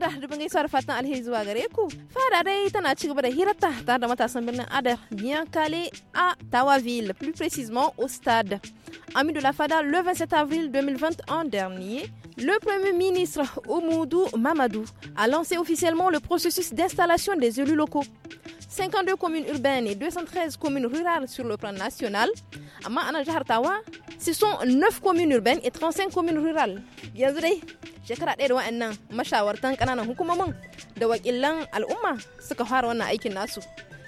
fada dubin gaisuwa da fatan al fada tana ci gaba da hirarta da matasan birnin adar bien calé à Tawaville, plus précisément au stade Ami de la Fada le 27 avril 2021 dernier, le Premier ministre Oumoudou Mamadou a lancé officiellement le processus d'installation des élus locaux. 52 communes urbaines et 213 communes rurales sur le plan national. Amma ana Tawa, ce sont 9 communes urbaines et 35 communes rurales. Bien je crois que Yanzu dai shekara ɗaya da un mashawartan ƙananan hukumomin da wakilan al'umma suka fara wannan aikin nasu.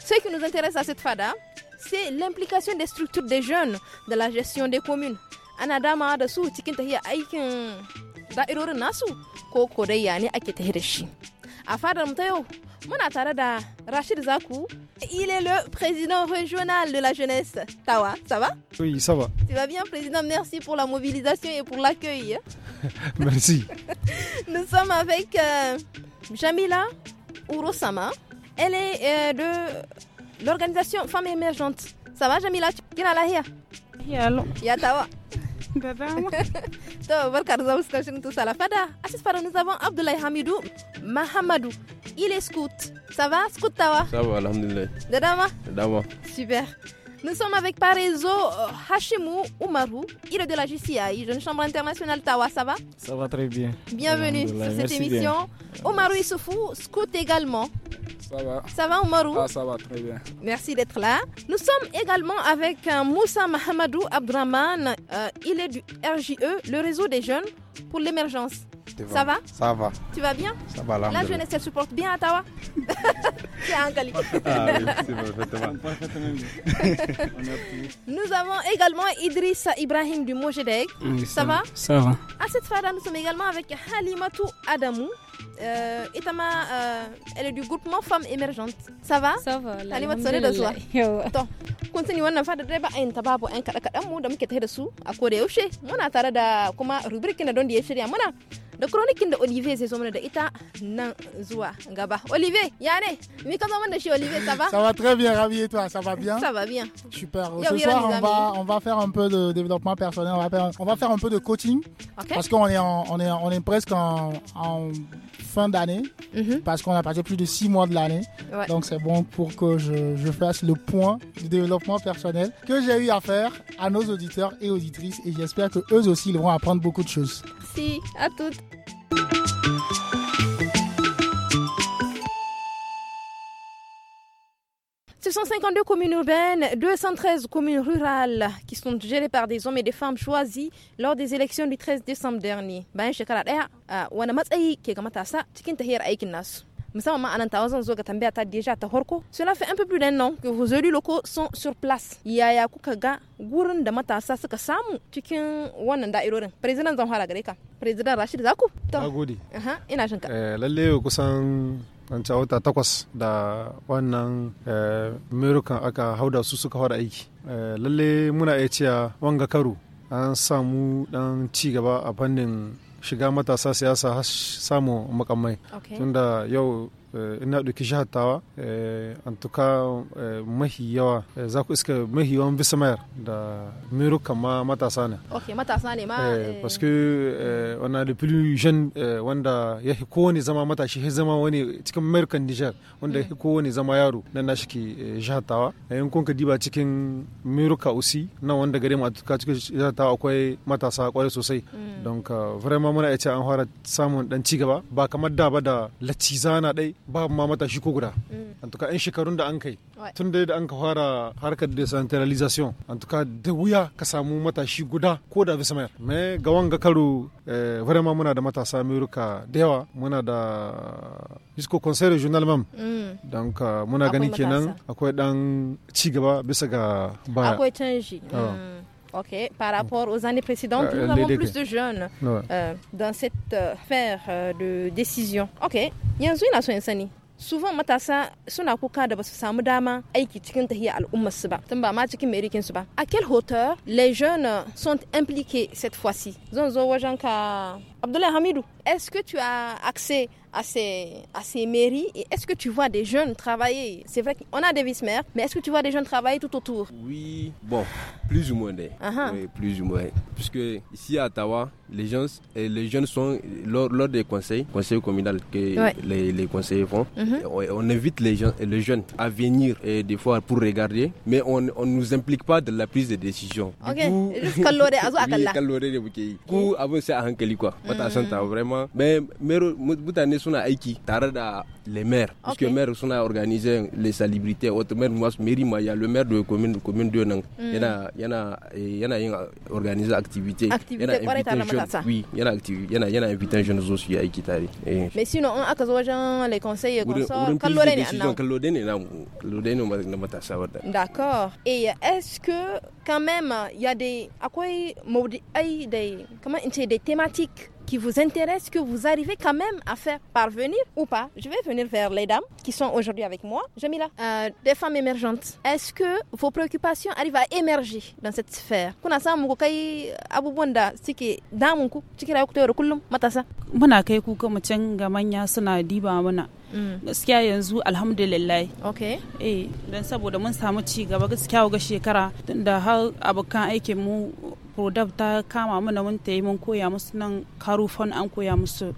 Ce qui nous intéresse à cette fada, c'est l'implication des structures des jeunes dans la gestion des communes. Anadama dama da su cikin tahiyar aikin da'irorin nasu ko kodayya ne ake tahiyar shi. A fadar mu ta yau, mon Rachid Zakou. Il est le président régional de la jeunesse. Tawa, ça va Oui, ça va. Tu vas bien, président Merci pour la mobilisation et pour l'accueil. Merci. Nous sommes avec euh, Jamila Urosama. Elle est euh, de l'organisation Femmes émergentes. Ça va, Jamila Tu es là, là, là. Yalo nous avons Abdoulaye Hamidou Mahamadou. Il est scout. Ça va, scout Tawa Ça va, Alhamdulillah. Dadama Dadama. Super. Nous sommes avec par réseau Hashimou Oumarou. Il est de la JCI, Jeune Chambre Internationale Tawa. Ça va Ça va très bien. Bienvenue sur cette émission. Bien. Oumarou Issoufou, scout également. Ça va. Ça va Oumarou ah, Ça va très bien. Merci d'être là. Nous sommes également avec euh, Moussa Mahamadou Abdraman. Euh, il est du RJE, le réseau des jeunes pour l'émergence. Ça va Ça va. Tu vas bien Ça va, là. La jeunesse, elle supporte bien Ottawa C'est ah un Nous avons également Idrissa Ibrahim du Mojedeg. ça, va Ça va. À cette fois, là nous sommes également avec Halimatou Adamou euh, Itama, euh, elle est du groupement Femmes émergentes. Ça va Ça va. Allez, votre soirée de soir. Attends. kun sani wannan fada dai ba ayin ta babu ayin kaɗa kaɗan mu da muke tare da su a koda yaushe muna tare da kuma rubrikin da don da ya shirya muna da kronikin de olivier C'est zo mana da ita nan zuwa gaba olivier ya ne mi ka zo mana da shi olivier ça va ça va très bien ravi et toi ça va bien ça va bien super ce soir on va on va faire un peu de développement personnel on va faire, on va faire un peu de coaching okay. parce qu'on est on est on est presque en, en fin d'année, mhm. parce qu'on a passé plus de six mois de l'année. Donc c'est bon pour que je, fasse le point du développement personnel que j'ai eu à faire à nos auditeurs et auditrices. Et j'espère que eux aussi, ils vont apprendre beaucoup de choses. Si, à toutes. 252 communes urbaines, 213 communes rurales qui sont gérées par des hommes et des femmes choisis lors des élections du 13 décembre dernier. je Bayan shekara on a wani matsayi ke ga matasa cikin tahiyar aikin nasu. musamman ma anan tawa zan zo ga tambaya ta deja ta horko cela fait un peu plus d'un an que vos élus locaux sont sur place ya kuka ga gurin da matasa suka samu cikin wannan da'irorin president zan fara gare ka president rashid zaku to ah ina shinka eh, lalle kusan wancan wata takwas da wannan eh, merukan aka hau da su suka fara aiki eh, lalle muna iya cewa wanga karo an samu dan ci gaba a fannin shiga matasa siyasa samu makamai tunda yau Eh, ina ɗauki jihar tawa eh, an tuka eh, mahi yawa za ku iska mahi yawan bisa mayar da miru kama matasa ne ok matasa ne ma parce que wana da jeune wanda ya fi kowane zama matashi ya zama wani cikin mirukan nijar wanda ya fi mm. kowane zama yaro nan na shiki jihar tawa in kun ka diba cikin ka usi na wanda gare ma a tuka cikin jihar tawa akwai matasa kwarai sosai mm. don ka vraiment muna iya an fara samun dan cigaba ba kamar da ba da lacizana dai ba ma matashi ko guda mm. an tuka yan shekarun da an kai tun da an ka fara harkar decentralization an tuka da wuya ka samu matashi guda ko da bisa mayar me ga wanga karo eh, vraiment muna da matasa amerika da yawa muna da isko conseil regional mam mm. don ka muna gani kenan akwai dan ci gaba bisa ga baya akwai canji ah. mm. Ok, par rapport aux années précédentes, euh, nous avons plus de jeunes euh, dans cette euh, sphère de décision. Ok, yanzu ina so in sani. Souvent matasa suna kuka da basu samu dama aiki cikin tahiya al su ba, tun ba ma cikin merikin su ba. A quelle hauteur les jeunes sont impliqués cette fois-ci? Zonzo zo wajen ka Abdoulaye Hamidou, est-ce que tu as accès à ces, à mairies Et est-ce que tu vois des jeunes travailler C'est vrai qu'on a des vice-maires, mais est-ce que tu vois des jeunes travailler tout autour Oui, bon, plus ou moins. Hein. plus ou moins. Puisque ici à Ottawa, les, gens, eh, les jeunes sont, lors, des conseils, conseils communaux que les, les, conseillers font, mhm. eh, on, invite les, gens, les jeunes à venir eh, des fois pour regarder, mais on ne nous implique pas dans la prise de décision. Ok, à mhm son suna aiki tare da le maire parce que maire a organisé les salubrités Autre maire masu mairie Maya le maire de commune commune de nan hmm. yana yana eh, yana yin organize activité yana invitation oui yana activité yana yana invitation zo su yi aiki tare mais sinon in aka zo wajen le conseil consort kallo ne annan kallo ne les kallo ne na matasa d'accord et est-ce que quand même il y a des akwai maudu'ai da kamar in ce des thématiques qui vous intéresse, que vous arrivez quand même à faire parvenir ou pas. Je vais venir vers les dames qui sont aujourd'hui avec moi. Jamila, euh, des femmes émergentes, est-ce que vos préoccupations arrivent à émerger dans cette sphère Kuna samu ku kai abubuwan da suke damun ku cikin rayuwar ta yau da kullum matasa? Muna kai kuka mu can ga manya suna diba mana. Mm. gaskiya yanzu alhamdulillah okay eh don saboda mun samu ci gaba gaskiya ga shekara tunda har abokan aikin mu rodab ta kama na mun tayi mun koya musu nan karu fon an koya musu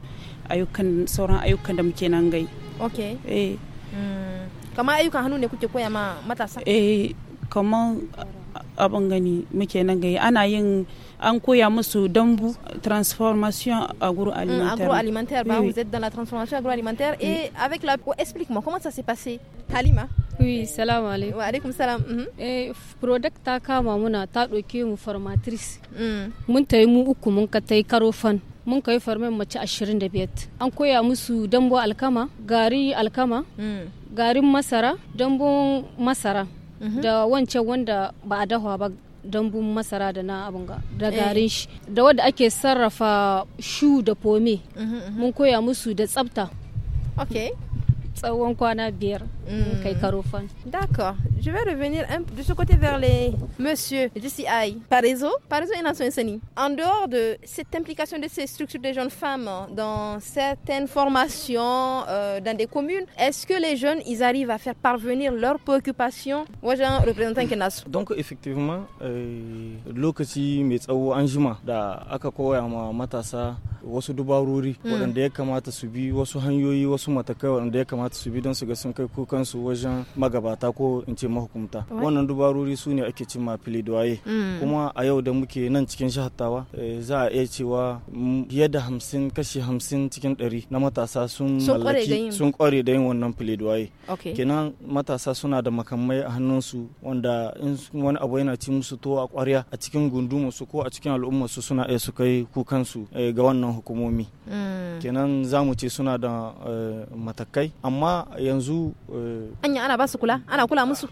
ayyukan sauran ayyukan da muke nan gai okay eh hmm. kamar ayyukan hannu ne kuke koya ma matasa eh kamar abin gani muke nan gai ana yin an koya musu dambu transformation agroalimentaire. Mmh, agroalimentaire, bah, oui, eh. vous êtes dans la transformation agroalimentaire. Et oui. avec la... Oh, explique-moi, comment ça s'est passé talima Oui, salam alaikum. Wa alaikum salam. Mm -hmm. Eh, product ta kama muna ta ɗauke mu formatrice. Mm. Mun tayi mu uku mun ka tai karo fan. Mun kai farmen mace 25. An koya musu dambo alkama, gari alkama, mm. garin masara, dambon masara. -hmm. Da wancan wanda ba a dahwa ba dambun masara da na abin ga da eh. garin shi da wadda ake sarrafa shu da pome mhm, mhm. mun koya musu da tsafta tsawon kwana biyar Mmh. D'accord. Je vais revenir un peu de ce côté vers les monsieur Aïe Parézo Parézo et Nansouenseni. En dehors de cette implication de ces structures des jeunes femmes dans certaines formations euh, dans des communes, est-ce que les jeunes, ils arrivent à faire parvenir leurs préoccupations aux gens représentants Kenasu Donc effectivement, euh, lokaci mai tsawo an da aka koya matasa wasu dubarori mm. waɗanda ya kamata su bi wasu hanyoyi wasu matakai waɗanda ya kamata su bi don su ga sun kai kukan kansu wajen magabata ko in ce mahukumta wannan dubarori su ne ake cimma waye mm. kuma a yau da muke nan cikin shahattawa eh, za a iya cewa fiye da hamsin kashi hamsin cikin ɗari na matasa sun mallaki sun kware da yin wannan waye. kenan matasa suna da makamai a hannunsu wanda in wani abu yana ci musu to a kwarya a cikin gundumarsu ko a cikin al'umma su suna iya su kai kukansu eh, ga wannan hukumomi mm. kenan za ce suna da eh, matakai amma yanzu bon ce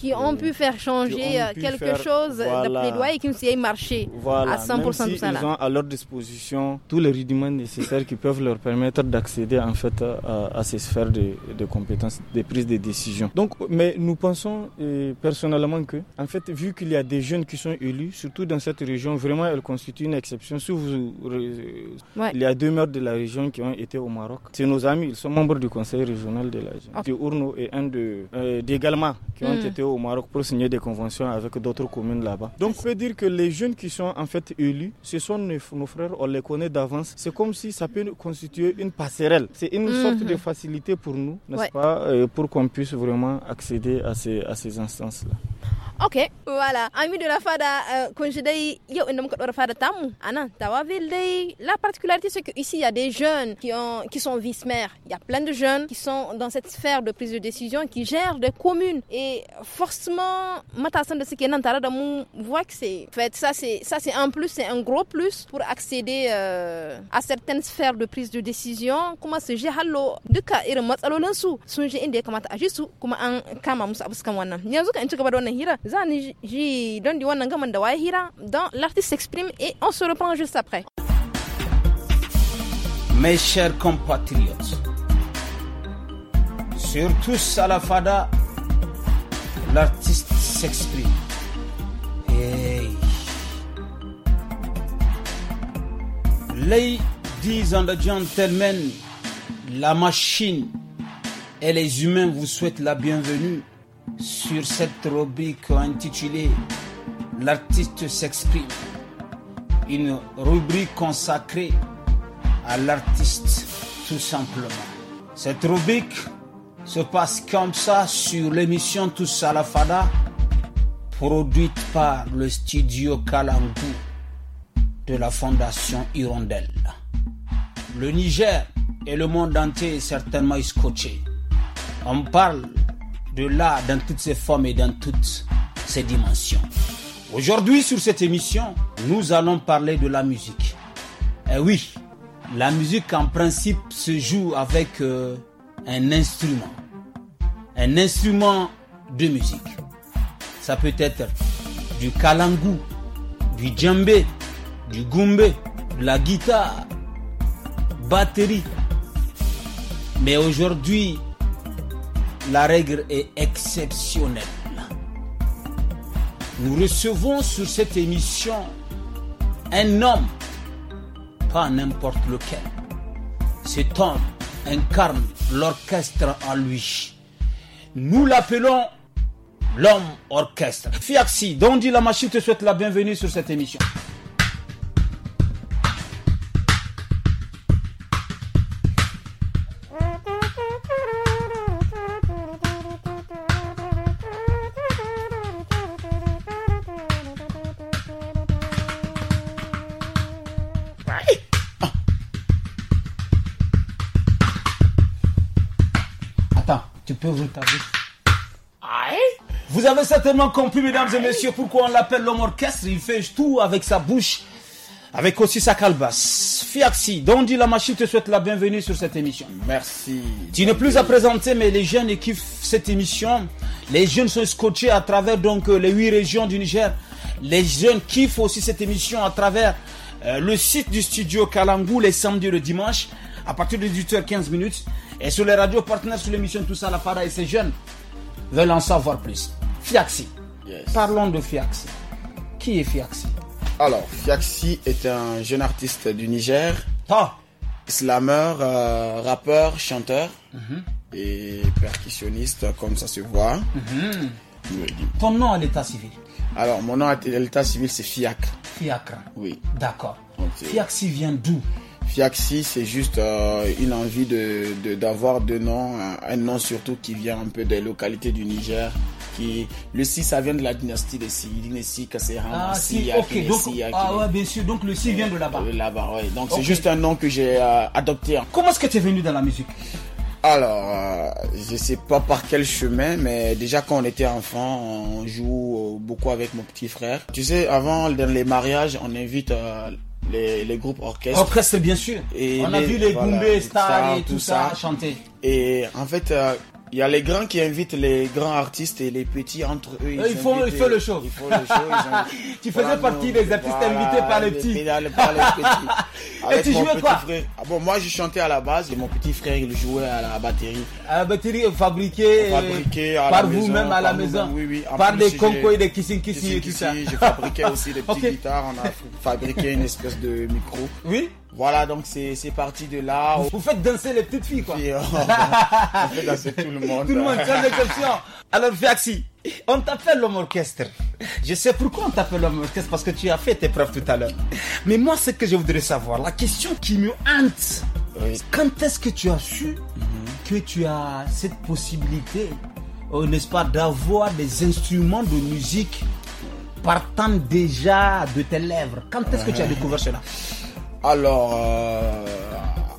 qui ont pu faire changer quelque chose de plaidoyer qui pu marché à 100% de ça ils ont à leur disposition tous les rudiments nécessaires qui peuvent leur permettre d'accéder en fait à, ces sphères de, de compétences de prise de décision donc mais nous pensons eh, personnellement que en fait vu qu'il y a des jeunes qui sont élus, surtout dans cette région, vraiment, elles constituent une exception. Euh, il y a deux maires de la région qui ont été au Maroc. C'est nos amis, ils sont membres du conseil régional de la région. Ourno et un de, euh, qui ont hmm. été au Maroc pour signer des conventions avec d'autres communes là-bas. Donc, on peut dire que les jeunes qui sont en fait élus, ce sont nos, frères, on les connaît d'avance. C'est comme si ça peut constituer une passerelle. C'est une hmm. sorte de facilité pour nous, n'est-ce pas, euh, pour qu'on puisse vraiment accéder à ces, à ces instances-là ok voilà ami de la fada quand euh, je dis yo en muka dora fada tamu ana tawaville dai la particularité c'est que ici il y a des jeunes qui ont qui sont vice maires il y a plein de jeunes qui sont dans cette sphère de prise de décision qui gèrent des communes et forcément matasan de ce qui est nantara da voit que c'est en fait ça c'est ça c'est un plus c'est un gros plus pour accéder euh, à certaines sphères de prise de décision comment se gère hallo De irin matsalolin su sun je inda ya kamata a su kuma an kama musu abu sukan wannan yanzu ka in ci gaba da wannan hira zani l'artiste s'exprime et on se reprend juste après mes chers compatriotes surtout à la fada l'artiste s'exprime hey. ladies and gentlemen la machine et les humains vous souhaitent la bienvenue sur cette rubrique intitulée L'artiste s'exprime, une rubrique consacrée à l'artiste tout simplement. Cette rubrique se passe comme ça sur l'émission Tous à Fada, produite par le studio Kalangu de la Fondation Hirondelle. Le Niger et le monde entier est certainement scotché. On parle de là dans toutes ses formes et dans toutes ses dimensions. Aujourd'hui, sur cette émission, nous allons parler de la musique. Et eh oui, la musique en principe se joue avec euh, un instrument. Un instrument de musique. Ça peut être du kalangu, du djembé, du gumbe, de la guitare, batterie. Mais aujourd'hui, la règle est exceptionnelle. Nous recevons sur cette émission un homme, pas n'importe lequel. Cet homme incarne l'orchestre en lui. Nous l'appelons l'homme orchestre. Fiaxi, Dondi machine, te souhaite la bienvenue sur cette émission. vous avez certainement compris, mesdames et messieurs, pourquoi on l'appelle l'homme orchestre. Il fait tout avec sa bouche, avec aussi sa calebasse. Fiaxi, la machine te souhaite la bienvenue sur cette émission. Merci. Tu n'es plus à présenter, mais les jeunes kiffent cette émission. Les jeunes sont scotchés à travers donc euh, les huit régions du Niger. Les jeunes kiffent aussi cette émission à travers euh, le site du studio Kalangou les samedis et le dimanche à partir de 18h15 minutes. Et sur les radios partenaires, sur l'émission Tout ça, la et ces jeunes veulent en savoir plus. Fiaxi. Parlons de Fiaxi. Qui est Fiaxi Alors, Fiaxi est un jeune artiste du Niger. Ah Slammer, euh, rappeur, chanteur mhm. et percussionniste, comme ça se voit. Mhm. Ton nom à l'état civil Alors, mon nom à l'état civil, c'est Fiac. Fiacre, Oui. D'accord. Fiaxi vient d'où Fiaxi, c'est juste euh, une envie de, d'avoir de, deux noms, euh, un, nom surtout qui vient un peu des localités du Niger. Qui, le Si, ça vient de la dynastie des ah, Si, dynastie ah, si, ok, donc, ah, ouais, bien sûr, donc le Si vient de là-bas. De là-bas, oui. Donc c'est juste un nom que j'ai euh, adopté. Hein. Comment est-ce que tu es venu dans la musique alors, je je sais pas par quel chemin, mais déjà quand on était enfant, on joue beaucoup avec mon petit frère. Tu sais, avant, dans les mariages, on invite les, les groupes orchestres. c'est bien sûr. Et On a vu les voilà, Star et tout, ça, ça chanter. Et en fait, euh, il y a les grands qui invitent les grands artistes et les petits entre eux. Ils, font, ils font le show. Ils font le show tu faisais partie des artistes invités par les petits. par les petits. et tu mon jouais petit quoi frère. Ah bon, moi je chantais à la base et mon petit frère il jouait à la batterie. À la batterie euh, fabriquée, par vous-même à la maison. Oui, oui. par des conco et des kissing kissing et tout ça. J'ai fabriqué aussi des petites guitares. On a fabriqué une espèce de micro. Oui. Voilà, donc c'est parti de là. Vous faites danser les petites filles, quoi. Oh, oh, oh. on fait danser tout le monde. Tout le monde, sans exception. Alors, Fiaxi, on t'appelle l'homme orchestre. Je sais pourquoi on t'appelle l'homme orchestre, parce que tu as fait tes preuves tout à l'heure. Mais moi, ce que je voudrais savoir, la question qui me hante, quand est-ce que tu as su mhm. que tu as cette possibilité, euh, n'est-ce pas, d'avoir des instruments de musique partant déjà de tes lèvres Quand est-ce que tu as découvert cela alors, euh,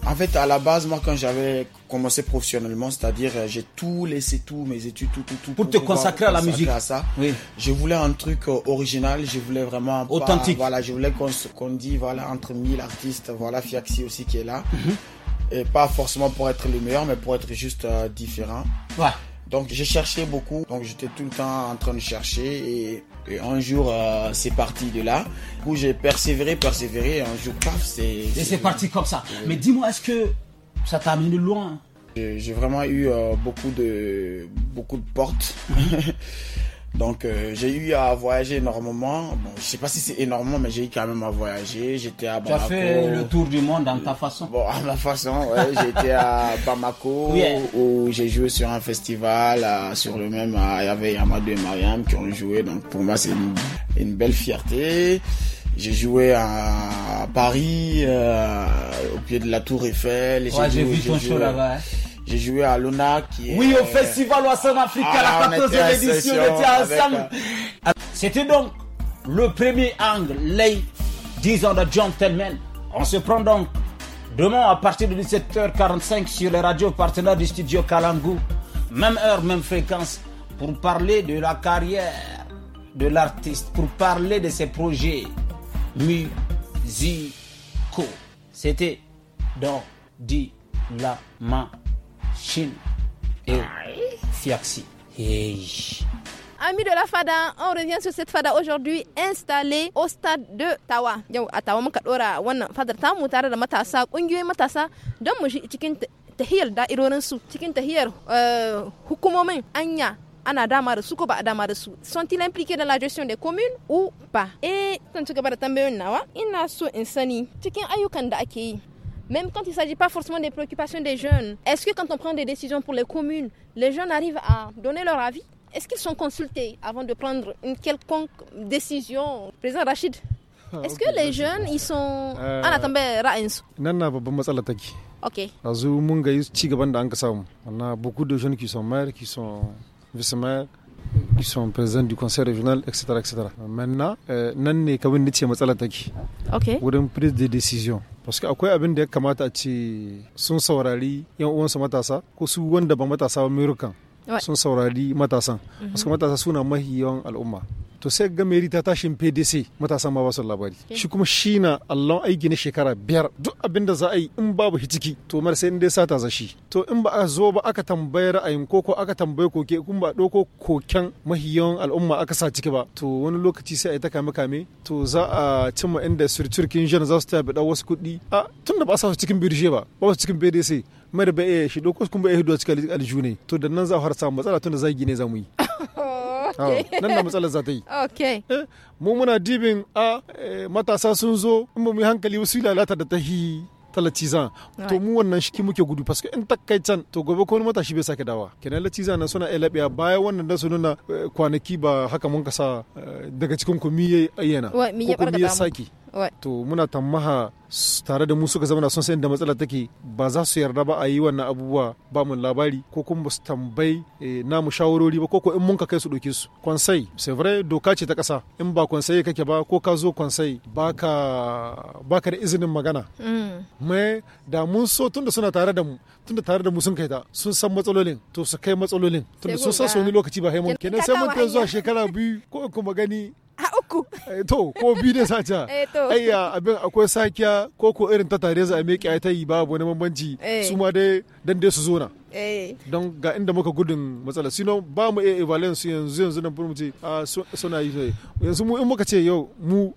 en fait, à la base, moi, quand j'avais commencé professionnellement, c'est-à-dire euh, j'ai tout laissé, tout mes études, tout, tout, tout. Pour, te consacrer à la musique. À ça. Oui. Je voulais un truc euh, original, je voulais vraiment authentique. voilà, je voulais qu'on qu'on dit voilà entre mille artistes, voilà Fiaxi aussi qui est là, mhm. et pas forcément pour être le meilleur, mais pour être juste différent. Ouais. Donc j'ai cherché beaucoup, donc j'étais tout le temps en train de chercher et et un jour, euh, c'est parti de là, où j'ai persévéré, persévéré, et un jour, paf, c'est... Et c'est parti comme ça. Mais dis-moi, est-ce que ça t'a amené loin J'ai vraiment eu euh, beaucoup, de, beaucoup de portes. Donc euh, j'ai eu à voyager énormément. Bon, je sais pas si c'est énormément, mais j'ai eu quand même à voyager. J'étais à Bamako. Tu as fait le tour du monde dans ta façon. Bon, à ma façon, ouais. J'étais à Bamako où j'ai joué sur un festival sur le même. Il y avait Yamadou et Mariam qui ont joué. Donc pour moi c'est une, belle fierté. J'ai joué à, Paris euh, au pied de la Tour Eiffel. Ouais, j'ai vu ton show là-bas. Hein. J'ai joué à Luna qui est... Oui, au Festival Ouassan Africa, à la 14e ah, édition, de était ensemble. Hein. C'était donc le premier angle, les 10 ans de Gentleman. On se prend donc demain à partir de 17h45 sur les radios partenaires du studio Kalangu. Même heure, même fréquence, pour parler de la carrière de l'artiste, pour parler de ses projets musicaux. C'était dans dit La main. Shin Siaxi. Eh, Fiaxi. Hey. Amis de la FADA, on revient sur cette FADA aujourd'hui installée au stade de Tawa. Yau a Tawa muka dora wannan fadar on a da matasa, kungiyoyin matasa don mu cikin tahiyar da'irorinsu, cikin tahiyar eh, hukumomin anya ana dama da su ko ba a dama da su sont-ils impliqués dans la gestion des communes ou pas et eh, tantu gaba da tambayoyin nawa ina so in sani cikin ayyukan da ake yi Même quand il ne s'agit pas forcément des préoccupations des jeunes, est-ce que quand on prend des décisions pour les communes, les jeunes arrivent à donner leur avis Est-ce qu'ils sont consultés avant de prendre une quelconque décision Président Rachid, ah, est-ce que les jeunes, ils sont... Ana euh, attente ra'ayinsu. babban matsala take. Ok. mun ga gaban da an On a beaucoup de jeunes qui sont maires, qui sont vice-maires, qui sont présidents du conseil régional, etc. etc. Maintenant, euh, nan ne ni ce matsala take. Ok. prise de décision. Paske akwai abin da ya kamata a ce sun saurari yan uwansu matasa ko su wanda ba matasa ba merukan sun saurari matasan. Paske mhm. matasa suna mahiyawan al'umma. to sai ga mai ta tashin pdc matasa ma basu labari shi kuma shi na allon aiki na shekara biyar duk abin da za a yi in babu shi to mar sai dai sata za shi to in ba a zo ba aka tambaye ra'ayin ko ko aka tambaye koke kun ba doko koken mahiyan al'umma aka sa ciki ba to wani lokaci sai a yi ta kame kame to za a cimma inda surturkin jan za su tabi da wasu kuɗi a tun da ba sa su cikin birje ba ba su cikin pdc mai ba iya shi doko kun ba iya a cikin aljune ne to da nan za a fara samun matsala tun da zagi gine za mu yi oh. nan na matsalar za ta yi eh, mu muna dibin a eh, matasa sun zo in ba mu yi hankali wasu lalata da ta hi talacizan to mu wannan shi muke gudu paske in takaitan to gobe ko wani matashi bai sake dawa kenan lacizan nan suna elabiya bayan wannan da su nuna eh, kwanaki ba haka mun kasa daga cikin ku mi ayyana ko ku mi saki to muna tammaha tare da mu suka zama sun san da matsala take ba za su yarda ba a yi wannan abubuwa ba mu labari ko kuma ba su tambayi eh, mu shawarori ba ko ko in mun ka kai su ɗauke su kwansai c'est vrai doka ce ta kasa in ba kwansai kake ba ko ka zo kwansai baka baka da izinin magana mm. me da mun so tunda suna tare da mu tunda tare da mu sun kai ta sun san matsalolin to su kai matsalolin tunda sun san su wani lokaci ba haimun kenan sai mun kai zuwa shekara biyu ko kuma gani uku eh, to ko biyu ne sace eh to ayya abin akwai sakiya ko ko irin ta tare za a miƙe ta yi babu wani bambanci eh. su ma dai dan dai su zo na eh. don ga inda muka gudun matsala sino ba mu iya evalence su yanzu yanzu nan mu ce ah, suna yi yanzu mu in muka ce yau mu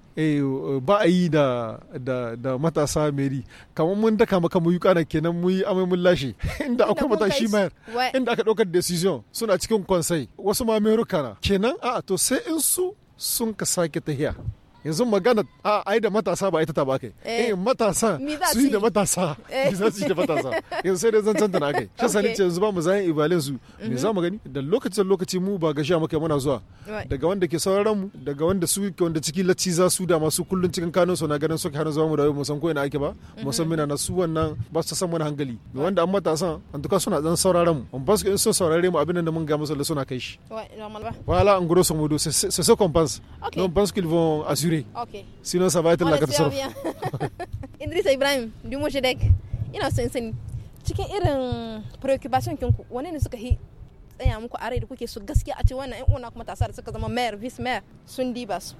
ba a yi da da matasa meri kamar mun daka maka mu yi kana kenan mu yi amai mun lashe inda akwai matashi mayar inda aka ɗaukar decision suna cikin konsai wasu ma kana kenan a to sai in su sun ka sake tahiya yanzu magana a ai da matasa ba ita ta ba kai eh, eh matasa su yi da matasa eh za su yi da matasa yanzu sai dai zan canta na kai shi sani ce yanzu ba mu zayin ibalen su me mhm. za mu gani da lokacin lokaci mu ba gashiya muka muna zuwa daga wanda ke sauraron mu daga wanda su ke wanda ciki lacci za su da masu kullun cikin kanun su na ganin suka hana zuwa mu da mu san ko ina ake ba mu san mina mhm. na su wannan ba su san mana hankali wanda an matasan an duka suna dan sauraron mu ba su in sun saurare mu abin da mun ga musu suna kai shi wala an gudo su mu do se se compense non pense qu'ils vont assurer Algérie. Ok. Sinon, ça va être On la catastrophe. Idrissa Ibrahim, du Mojedek, ina son sani. Cikin irin preoccupation kinku, wane ne tsaya muku a rai da kuke su gaskiya a ce wannan yan uwana kuma tasa da suka zama mayor vice mayor sun diba su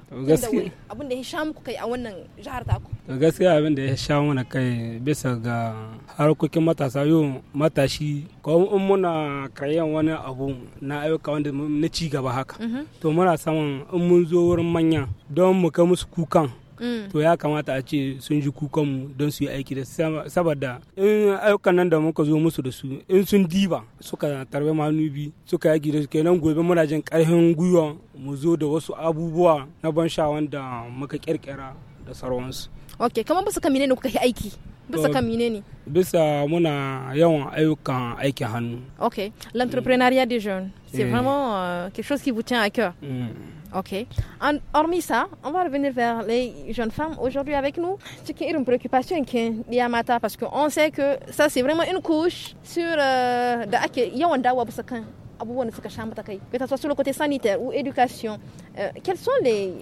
abin da ya sha muku kai a wannan jihar taku to gaskiya abin da ya sha muna kai bisa ga harkokin matasa yau matashi ko in muna karyan wani abu na ayyuka wanda na ci gaba haka mhm. to muna saman in mun zo wurin manya don mu kai musu kukan Mm. to ya kamata a ce sun ji kukanmu don su yi aiki da saboda in ayyukan nan da muka zo musu da su in sun diba suka tarbe manubi suka yaki da su kenan gobe muna jin karfin gwiwa mu zo da wasu abubuwa na ban sha wanda muka kirkira da sauransu. okay kamar ba su kamine ne kuka yi aiki bisa kan mine ne bisa muna yawan ayyukan aiki hannu okay l'entrepreneuriat des jeunes c'est eh. vraiment euh, quelque chose qui vous tient à cœur mm. Ok. hormis ça, on va revenir vers les jeunes femmes aujourd'hui avec nous. C'est une préoccupation qui est mata parce qu'on sait que ça c'est vraiment une couche sur euh, sur le côté sanitaire ou éducation. Euh, quelles sont les,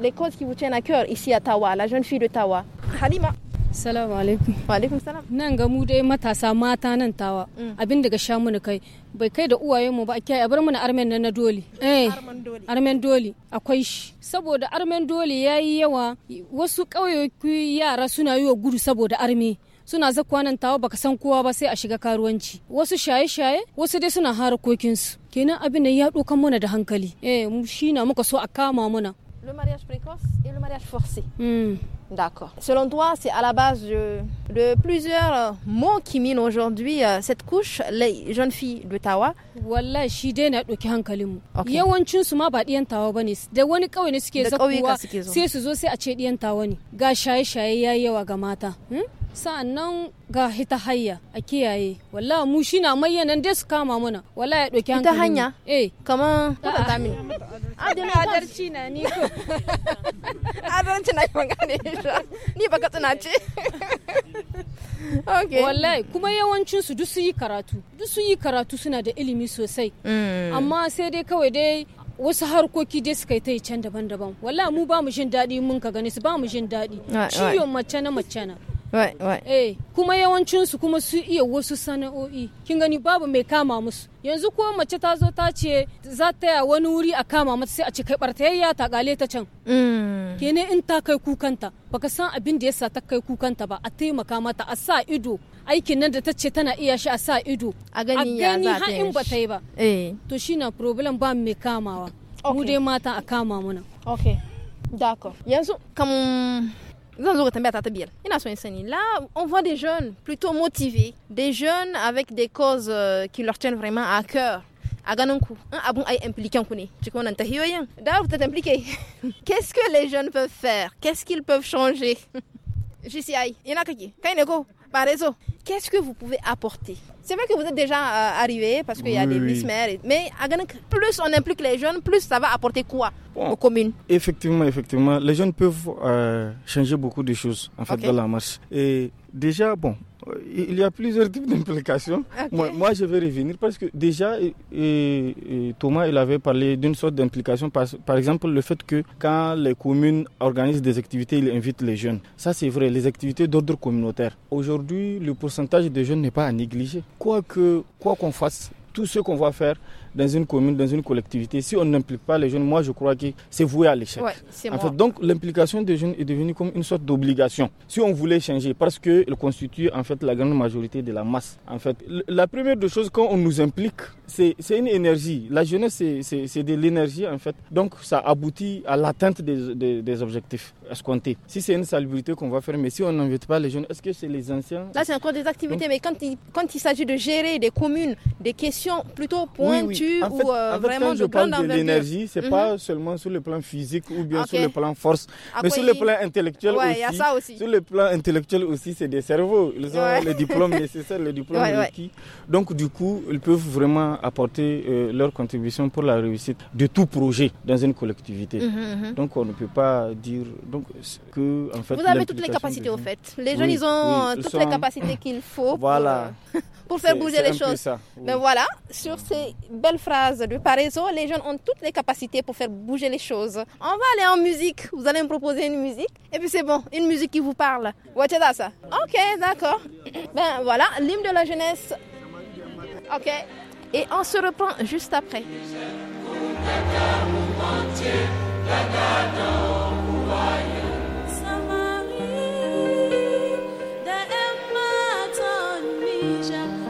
les causes qui vous tiennent à cœur ici à Tawa, la jeune fille de Tawa Halima Salamu alaikum. Wa alaikum salam. Nan ga mu dai matasa mata nan tawa. Mm. Abin da daga sha mu kai. Bai kai da uwayen mu ba kai a bar mu na armen nan na doli. Eh. Armen doli. Akwai shi. Saboda armen doli yayi yawa wasu ƙauyoyi yara suna yi wa gudu saboda arme. suna zakwa nan tawa baka san kowa ba sai a shiga karuwanci wasu shaye-shaye wasu dai suna harakokinsu kenan abin da ya ɗokan mana da hankali eh shi na muka so a kama muna le mariage précoce et le mariage forcé. Mmh. D'accord. Selon toi, c'est à la base de, euh, de plusieurs euh, mots qui minent aujourd'hui euh, cette couche, les jeunes filles de Tawa. Wallahi, shi dai na ɗauki hankalinmu. Yawancin su ma ba ɗiyan Tawa ba ne, da wani ƙauye ne suke zakuwa sai su zo sai a ce ɗiyan Tawa ne. Ga shaye-shaye ya yawa ga mata. Hmm? sa'an nan ga hita hanya a kiyaye walla mu shi na mayyanan da su kama mana walla ya ɗauki hankali. Hita hanya? Eh. Kamar. adalci ah, na ni ko na gane ni baka tsina ce okay. kuma yawancinsu duk su karatu duk suyi karatu suna da ilimi sosai mm. amma sai dai kawai dai wasu harkoki dai suka yi ta can daban-daban wallahi mu ba mu jin daɗi mun ka gani su ba mu jin daɗi ciwon mace na mace na Eh, kuma yawancinsu kuma su iya wasu sana'o'i kin gani babu mai kama musu yanzu ko mace ta zo ta ce za ta ya wani wuri a kama mata sai a ce kai bartayayya ta kale ta can mm. kene in ta kai kukanta baka san abin da yasa ta kai kukanta ba a taimaka mata a sa ido aikin nan da ta ce tana iya shi a sa ido a gani ya in ba ta yi ba eh. to shi na problem ba mai kamawa mu dai mata a kama muna okay yanzu kam Là, on voit des jeunes plutôt motivés, des jeunes avec des causes euh, qui leur tiennent vraiment à cœur. Qu'est-ce que les jeunes peuvent faire Qu'est-ce qu'ils peuvent changer Qu'est-ce que vous pouvez apporter c'est vrai que vous êtes déjà euh, arrivé parce qu'il y a des oui. mais plus on implique les jeunes, plus ça va apporter quoi aux communes Effectivement, effectivement. Les jeunes peuvent euh, changer beaucoup de choses en fait, dans la marche. Et déjà, bon, il y a plusieurs types d'implications. Moi, je vais revenir parce que déjà, Thomas, il avait parlé d'une sorte d'implication. Par, par, exemple, le fait que quand les communes organisent des activités, ils invitent les jeunes. Ça, c'est vrai, les activités d'ordre communautaire. Aujourd'hui, le pourcentage de jeunes n'est pas à négliger. Quoi quoi qu'on fasse, tout ce qu'on va faire, dans une commune, dans une collectivité, si on n'implique pas les jeunes, moi je crois que c'est voué à l'échec. en fait, donc l'implication des jeunes est devenue comme une sorte d'obligation. Si on voulait changer, parce qu'elle constitue en fait la grande majorité de la masse. En fait, la première des choses quand on nous implique, c'est une énergie. La jeunesse, c'est de l'énergie en fait. Donc ça aboutit à l'atteinte des, des objectifs escompté. Si c'est une salubrité qu'on va faire, mais si on n'invite pas les jeunes, est-ce que c'est les anciens Là, c'est encore des activités, mais quand il, quand il s'agit de gérer des communes, des questions plutôt pointues ou euh, vraiment de je parle l'énergie, c'est pas mhm. seulement sur le plan physique ou bien sur le plan force, ah, mais sur le plan intellectuel aussi. Y a ça aussi. Sur le plan intellectuel aussi, c'est des cerveaux. Ils ont les diplômes nécessaires, les diplômes requis. Donc, du coup, ils peuvent vraiment apporter euh, leur contribution pour la réussite de tout projet dans une collectivité. Mhm, mhm. Donc, on ne peut pas dire. Donc, vous avez toutes les capacités, au fait. Les jeunes, ils ont toutes les capacités qu'il faut pour, euh, faire bouger les choses. Mais voilà, sur ces belles phrases de Parezo, les jeunes ont toutes les capacités pour faire bouger les choses. On va aller en musique. Vous allez me proposer une musique. Et puis c'est bon, une musique qui vous parle. Voilà ça. Ok, d'accord. Ben voilà, l'hymne de la jeunesse. Ok. Et on se reprend juste après. Samari, the Emma Ton Misha.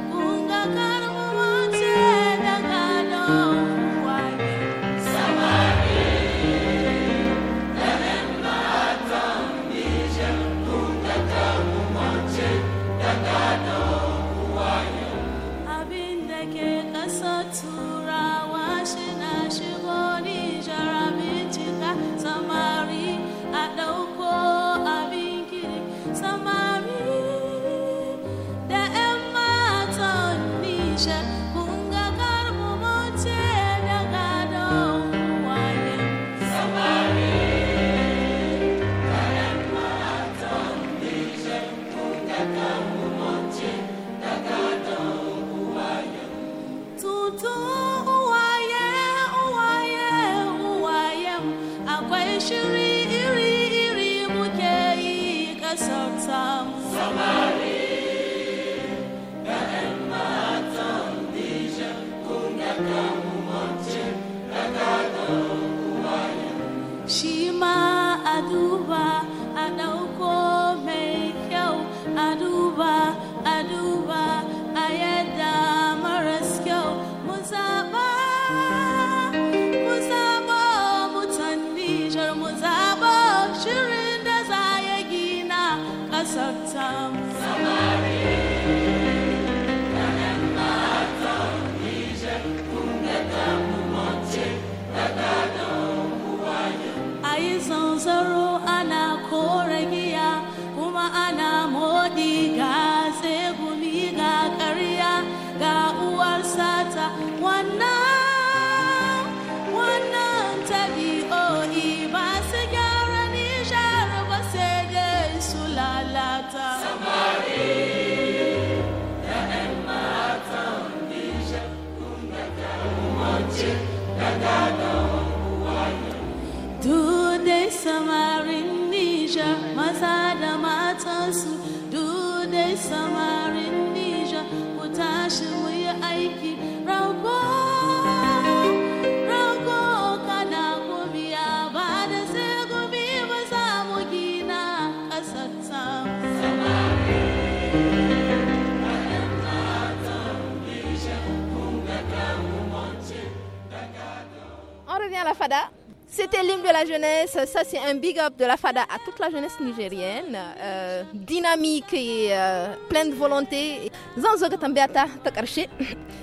la FADA. C'était l'hymne de la jeunesse. Ça, c'est un big up de la FADA à toute la jeunesse nigérienne. Euh, dynamique et euh, pleine de volonté.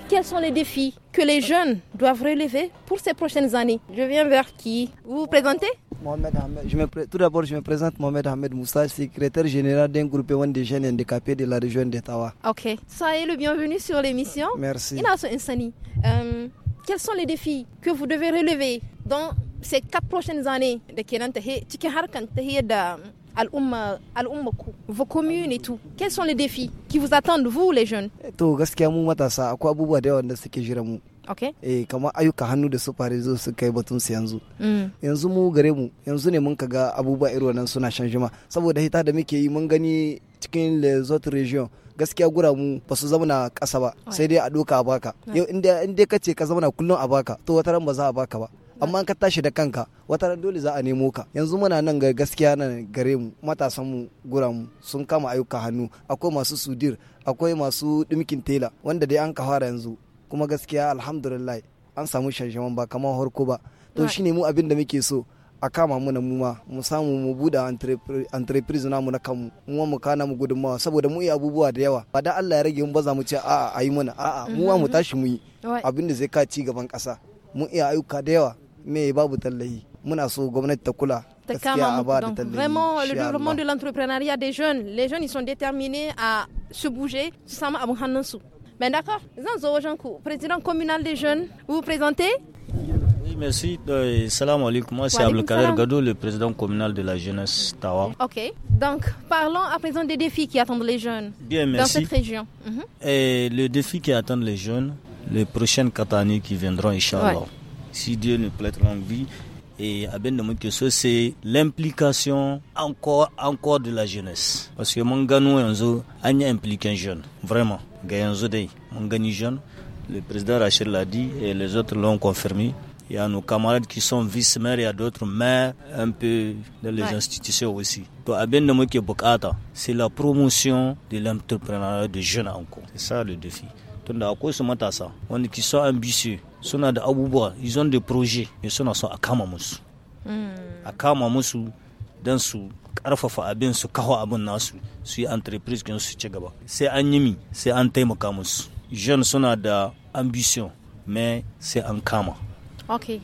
Quels sont les défis que les jeunes doivent relever pour ces prochaines années Je viens vers qui Vous vous présentez Je me Tout d'abord, je me présente Mohamed Ahmed Moussa, secrétaire général d'un groupe de jeunes handicapés de la région d'Etawa. Ok. Soyez le bienvenu sur l'émission. Merci. Inasso Insani. Euh quels sont les défis que vous devez relever dans ces quatre prochaines années de kenan tahe cikin harkan tahiyar da vos communes et tout quels sont les défis qui vous attendent vous les jeunes to gaskiya mu matasa akwai abubuwa da yawa da suke jira mu okay eh kamar ayyuka hannu da su fare su kai batun su yanzu mm. yanzu mu gare mu yanzu ne mun kaga abubuwa irin nan suna shan jima saboda hita da muke yi mun gani cikin les region gaskiya gaskiya guramu ba su zauna ƙasa ba sai dai a doka a baka yau inda ka ce ka zauna kullum a baka to wata ran ba za a baka ba amma ka tashi da kanka wata ran dole za a nemo ka yanzu muna nan ga gaskiya na gare mu matasan mu guramu sun kama ayyuka hannu akwai masu sudir akwai masu dimkin tela wanda dai an ka fara yanzu kuma gaskiya alhamdulillah an samu shanshaman ba kamar harko ba to shine mu abin da muke so vraiment, le développement de l'entrepreneuriat des jeunes, les jeunes, ils sont déterminés à se bouger. Mais ben d'accord, président communal des jeunes, vous vous présentez merci. Euh, salam alaikum. Moi, c'est Abdelkader Gado, le président communal de la jeunesse Tawa. Ok. Donc, parlons à présent des défis qui attendent les jeunes dans cette région. Mhm. Et le défi qui attendent les jeunes, les prochaines quatre années qui viendront, Inch'Allah, si Dieu nous plaît, l'envie, et à ben c'est l'implication encore encore de la jeunesse parce que mon gano implique un jeune vraiment mon jeune le président Rachel l'a dit et les autres l'ont confirmé il y a nos camarades qui sont vice-maires, il y a d'autres maires un peu dans les institutions aussi. c'est la promotion de l'entrepreneuriat de jeunes encore. C'est ça le défi. On akwai su matasa ambitieux Ils da abubuwa izon Ils proje ne suna so a kama musu a kama dans don su hmm. karfafa abin su kaho abin nasu su entreprise kin su ci gaba C'est an c'est mi sai an taimaka jeunes jeune ambition mais c'est un kama Ok.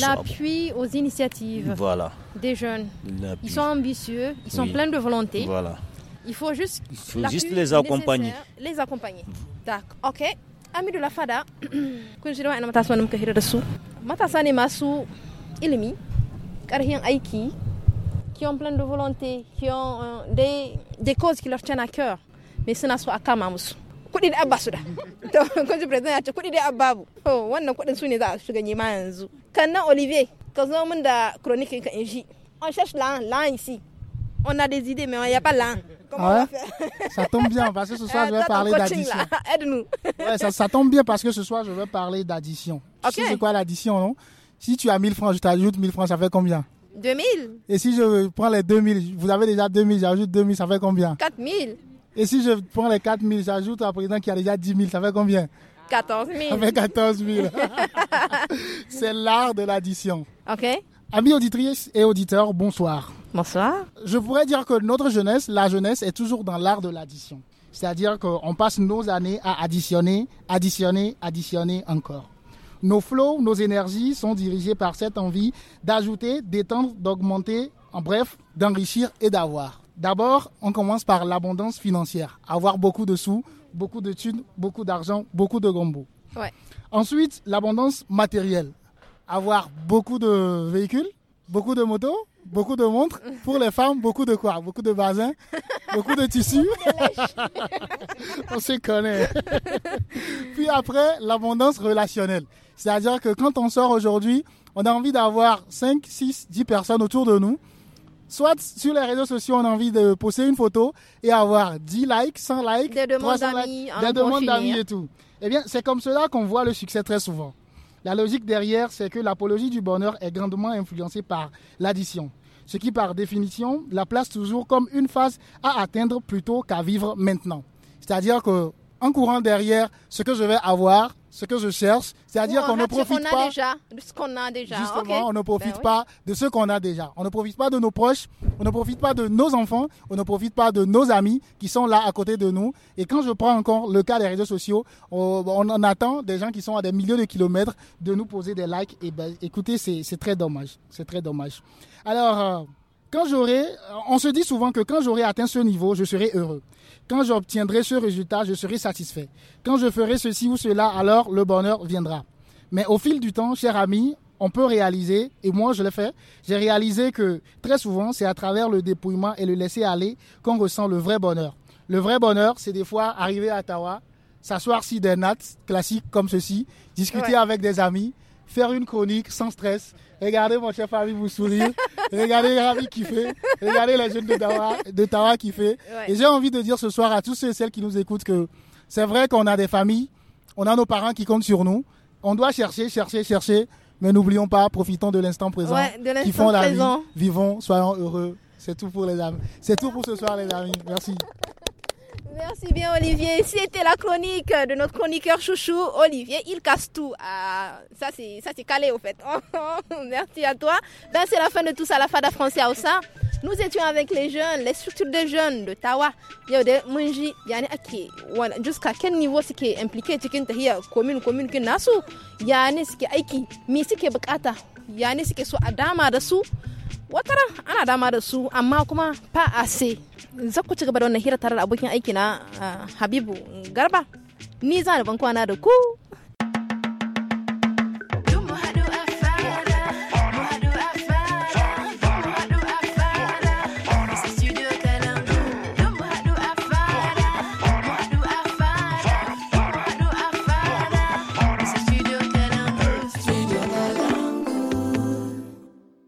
L'appui aux initiatives voilà. des jeunes. Ils sont ambitieux, ils sont pleins de volonté. Voilà. Il faut juste, Il faut juste les accompagner. Les accompagner. D'accord. Ok. Amis de la FADA, kun ji wa'annan matasa da muka hira da su. Matasa ne masu ilimi, vous qui ont plein de volonté, qui ont euh, des, des causes qui leur tiennent à cœur. Mais ce n'est pas à vous kuɗi da abba su da to kwanci president ya ce kuɗi da abba bu wannan kuɗin su ne za a shiga ma yanzu kan nan olivier ka zo min da chronique ka in on cherche l'an l'an ici on a des idées mais il n'y a pas l'an Comment ah ouais? Ça tombe bien parce que ce soir je vais parler d'addition. Aide-nous. ouais, ça, ça, tombe bien parce que ce soir je vais parler d'addition. Okay. c'est quoi l'addition, non Si tu as 1000 francs, je t'ajoute 1000 francs, ça fait combien 2000. Et si je prends les 2000, vous avez déjà 2000, j'ajoute 2000, ça fait combien 4000. Et si je prends les 4 000, j'ajoute à présent qu'il y a déjà 10 000, ça fait combien 14 000. Ça fait 14 000. C'est l'art de l'addition. OK. Amis auditrices et auditeurs, bonsoir. Bonsoir. Je pourrais dire que notre jeunesse, la jeunesse, est toujours dans l'art de l'addition. C'est-à-dire qu'on passe nos années à additionner, additionner, additionner encore. Nos flots, nos énergies sont dirigées par cette envie d'ajouter, d'étendre, d'augmenter, en bref, d'enrichir et d'avoir. D'abord, on commence par l'abondance financière, avoir beaucoup de sous, beaucoup de thunes, beaucoup d'argent, beaucoup de gombo. Ouais. Ensuite, l'abondance matérielle, avoir beaucoup de véhicules, beaucoup de motos, beaucoup de montres. Pour les femmes, beaucoup de quoi Beaucoup de basins, beaucoup de tissus. On se connaît. Puis après, l'abondance relationnelle. C'est-à-dire que quand on sort aujourd'hui, on a envie d'avoir 5, 6, 10 personnes autour de nous soit sur les réseaux sociaux, on a envie de poster une photo et avoir 10 likes, 100 likes, des demandes hein, des demandes d'amis et tout. Eh bien, c'est comme cela qu'on voit le succès très souvent. La logique derrière, c'est que l'apologie du bonheur est grandement influencée par l'addition, ce qui par définition la place toujours comme une phase à atteindre plutôt qu'à vivre maintenant. C'est-à-dire que en courant derrière ce que je vais avoir, ce que je cherche, c'est-à-dire qu'on ne profite pas de ce qu'on a déjà. Justement, on ne profite ben pas de ce qu'on a déjà. On ne profite pas de nos proches, on ne profite pas de nos enfants, on ne profite pas de nos amis qui sont là à côté de nous. Et quand je prends encore le cas des réseaux sociaux, on, on attend des gens qui sont à des milliers de kilomètres de nous poser des likes. Et ben, écoutez, c'est très dommage. C'est très dommage. Alors, euh, quand j'aurai, on se dit souvent que quand j'aurai atteint ce niveau, je serai heureux. Quand j'obtiendrai ce résultat, je serai satisfait. Quand je ferai ceci ou cela, alors le bonheur viendra. Mais au fil du temps, cher ami, on peut réaliser, et moi je l'ai fait, j'ai réalisé que très souvent, c'est à travers le dépouillement et le laisser aller qu'on ressent le vrai bonheur. Le vrai bonheur, c'est des fois arriver à Ottawa, s'asseoir sur des nattes classiques comme ceci, discuter avec des amis, faire une chronique sans stress, Regardez mon chef Ami vous sourire. Regardez Rami fait Regardez les jeunes de Tawa, de Tawa Et j'ai envie de dire ce soir à tous ceux et celles qui nous écoutent que c'est vrai qu'on a des familles, on a nos parents qui comptent sur nous. On doit chercher, chercher, chercher. Mais n'oublions pas, profitons de l'instant présent. qui font la vie. Vivons, soyons heureux. C'est tout pour les amis. C'est tout pour ce soir, les amis. Merci. Merci bien Olivier. C'était la chronique de notre chroniqueur chouchou Olivier. Il casse tout. Ah, ça c'est ça calé au fait. Merci à toi. Ben c'est la fin de tout ça la fada français Nous étions avec les jeunes, les structures de jeunes de Tawa. Munji yani ah, jusqu'à quel niveau est impliqué est tahiya commune commune qui est yani qui aiki qui est qui yani suke so a da watara ana dama da su amma kuma fa a se za ku ci gaba da wannan hira tare da abokin aiki na ah, habibu garba ni za da kwana da ku